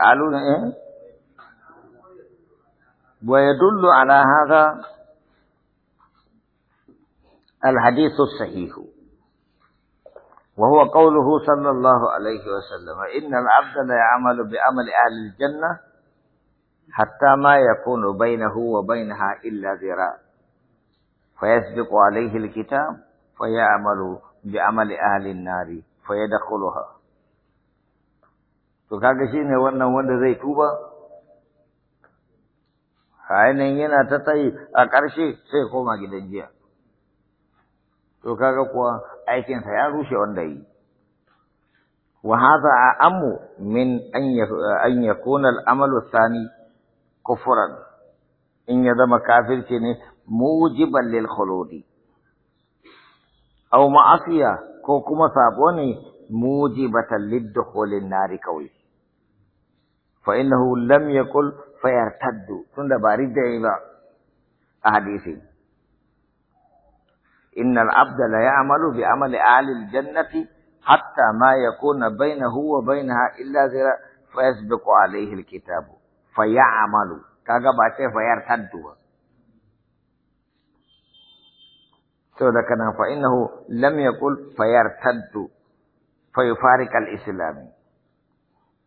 قالوا إيه؟ ويدل على هذا الحديث الصحيح وهو قوله صلى الله عليه وسلم إن العبد لا يعمل بعمل أهل الجنة حتى ما يكون بينه وبينها إلا ذراع فيسبق عليه الكتاب فيعمل بعمل أهل النار فيدخلها to kaga shi ne wannan wanda zai tuba ainihin yana ta tsayi a ƙarshe sai koma gidan jiya. To kaga kuwa aikinsa ya rushe wanda yi. Wa haza a amu min an ya kunar amalu sani kufuran in ya zama kafirci ne mujiban lil khuludi. Au ma'asiya ko kuma sabo ne موجبة للدخول النار قوي فإنه لم يقل فيرتد تند بارد إلى أحاديث إن العبد لا يعمل بعمل أهل الجنة حتى ما يكون بينه وبينها إلا ذرا فيسبق عليه الكتاب فيعمل كاغا باتي فيرتد فإنه لم يقل فيرتد فيفارق الإسلام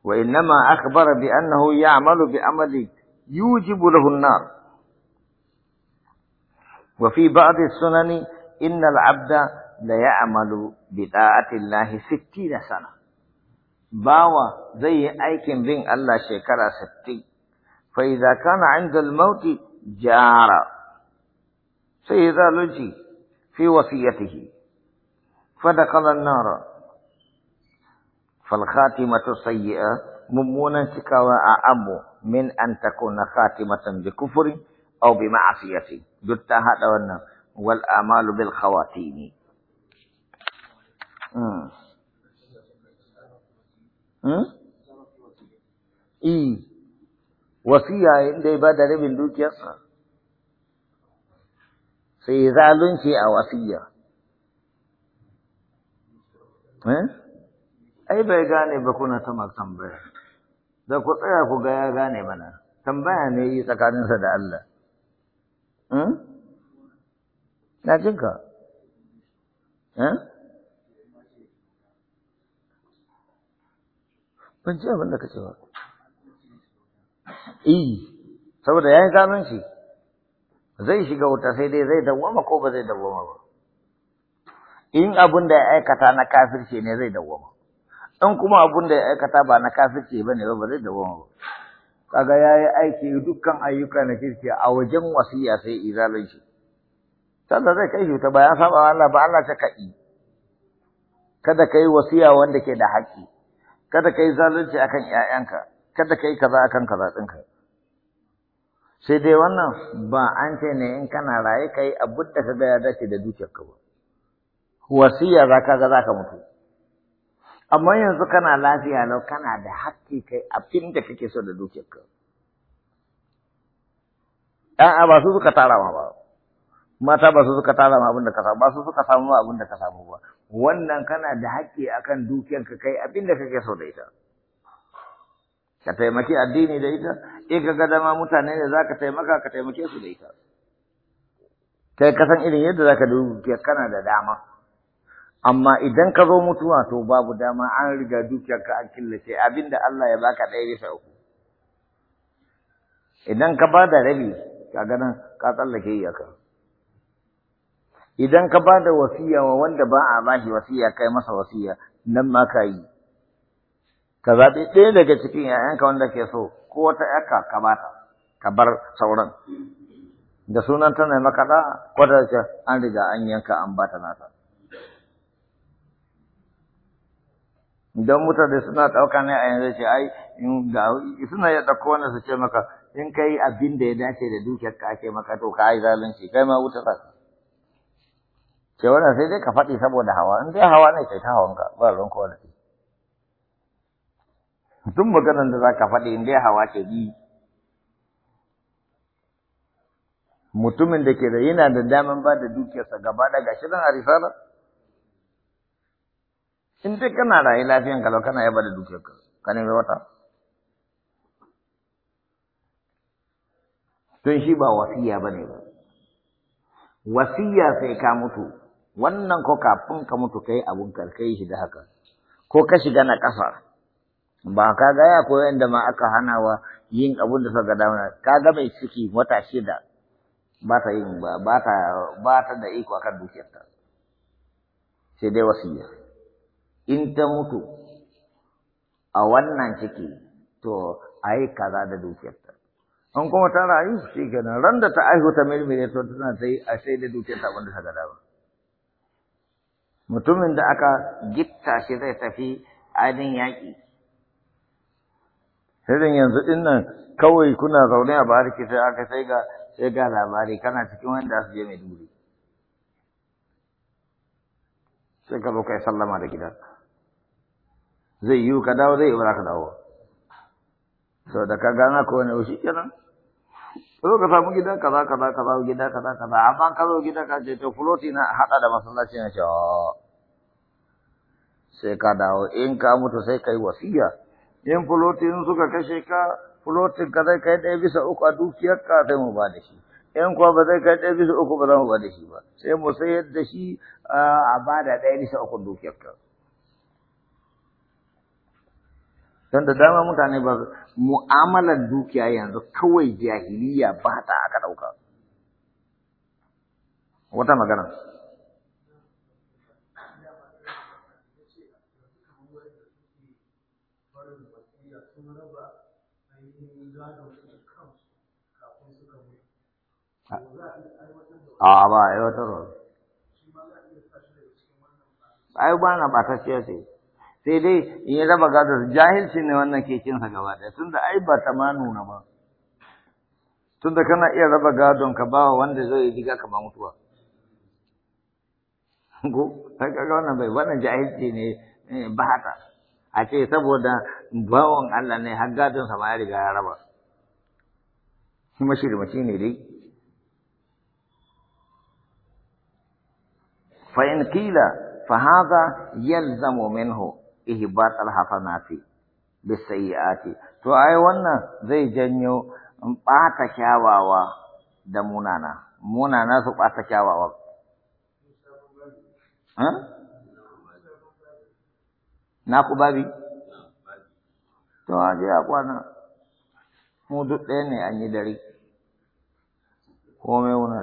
وإنما أخبر بأنه يعمل بعمل يوجب له النار وفي بعض السنن إن العبد ليعمل بطاعة الله ستين سنة باوى زي أيكم بين الله شكرا ستين فإذا كان عند الموت جار سيذا لجي في وصيته فدخل النار فالخاتمة السيئة ممونا شكاوى أعم من أن تكون خاتمة بكفر أو بمعصية جدت هذا والامال بالخواتيم مم. مم؟ إيه wasiya inda ya bada rabin dukiyarsa sai zalunci a wasiya ai bai gane ba kuna ta tambaya da ku tsaya ku ga ya gane mana tambaya ne yi tsakaninsa da Allah hmm? na jinka hmm? ban ci abin da ka ce ba iyi saboda ya yi kanun shi zai shiga wuta sai dai zai dawwama ko ba zai dawwama ba in abin da ya aikata na kafirce ne zai dawwama in kuma abun da ya aikata ba na kafirci ba ne ba zai wani ba kaga ya yi aiki dukkan ayyuka na kirki a wajen wasiya sai izalin shi sanda zai kai shi ta bayan saba Allah ba Allah ta kaɗi kada ka yi wasiya wanda ke da haƙƙi kada ka yi zalunci kan ƴaƴanka kada ka yi kaza a kan kaza ɗinka sai dai wannan ba an ce ne in kana raye ka yi abin da ka ga ya dace da ka ba wasiya za ka ga za ka mutu amma yanzu kana lafiya lau kana da hakki kai a fim da kake so da ka a'a ba su suka tara ma ba mata ba su suka tara ma abin da ka samu ba su suka samu ma abin da ka samu ba wannan kana da hakki akan ka kai abin da kake so da ita ka taimaki addini da ita in ka ga dama mutane da ka taimaka ka taimake su da ita kai ka san irin yadda za ka dukiyar kana da dama amma idan ka zo mutuwa to babu dama an riga dukiyarka an killace abinda Allah ya baka ɗaya bisa uku idan ka ba da rabi kaga nan ka tsallake iyaka idan ka ba da wasiya wa wanda ba a bashi wasiya kai masa wasiya nan ma ka yi ka zaɓi ɗaya daga cikin ‘ya'yanka wanda ke so ko wata ‘yarka ka bata ka bar sauran da sunan tana makaɗa, da ko da an riga an yanka an bata nata don mutane suna ɗauka ne a yanzu ce ai suna ya ɗauko wani su ce maka in ka yi abin da ya dace da dukiyar ka ake maka to ka yi zalunci kai ma wuta za ce wannan sai dai ka faɗi saboda hawa in dai hawa ne kai ta ka ba ruwan kowa da tun maganar da za ka faɗi in dai hawa ke bi mutumin da ke da yana da daman ba da dukiyarsa gaba ɗaya shi nan a risalar in dai kana rayu lafiyan kalau kana yaba da dukiyar ka nemi wata don shi ba wasiya ba ne ba wasiya sai ka mutu wannan ko kafin ka mutu kai abun karkai shi da haka ko ka shiga na ƙasa ba ka ga ya koyo inda ma aka hana wa yin abun da suka damuna ka ga mai ciki wata shida ba ta yin ba ta ba ta da iko akan dukiyarta sai dai wasiya in ta mutu a wannan ciki to a yi kaza da dukiyarta an kuma ta rayu shi kenan ran da ta aihu ta mirmire to tana ta yi a sai da dukiyarta wanda ta gada ba mutumin da aka gitta shi zai tafi ainihin yaƙi irin yanzu dinnan nan kawai kuna zaune a bariki sai aka sai ga sai ga labari kana cikin wanda su je mai duri sai ka zo ka yi sallama da gidan zai yiwu ka dawo zai yi ba ka dawo sau da ka gana ko wani wushi kenan zo ka samu gida kaza kaza kaza gida kaza kaza amma ka zo gida ka ce to floti na haɗa da masallaci na ce sai ka dawo in ka mutu sai ka yi wasiya in fulotin suka kashe ka fulotin ka zai kai ɗaya bisa uku a ka sai mu ba da shi in kuwa ba zai kai ɗaya bisa uku ba za mu ba da shi ba sai mu sayar da shi a ba da ɗaya bisa uku dukiyar ka don da dama mutane ba mu'amalar dukiya yanzu kawai jahiliya ba ta aka ɗauka wata magana Thank you. a ba a aiwatarwa ai ba na ɓatacciya ce sai dai in yi raba gado jahilci ne wannan ke sa gaba ɗaya tunda ai ba ta ma nuna ba tunda kana iya raba gadon ka ba wanda zai diga ka ba mutuwa ko sai kaga wannan bai wannan jahilci ne eh, ba haka a ce saboda bawan Allah ne har gadon sa ma ya riga ya raba shi mashi ne dai فإن قيل فهذا يلزم منه إهباط الحسنات بالسيئات تو أي وانا زي جنيو بات شاواوا da munana munana su ɓata kyawawan na ku babi to a je a kwana mu duk ɗaya ne an yi dare komai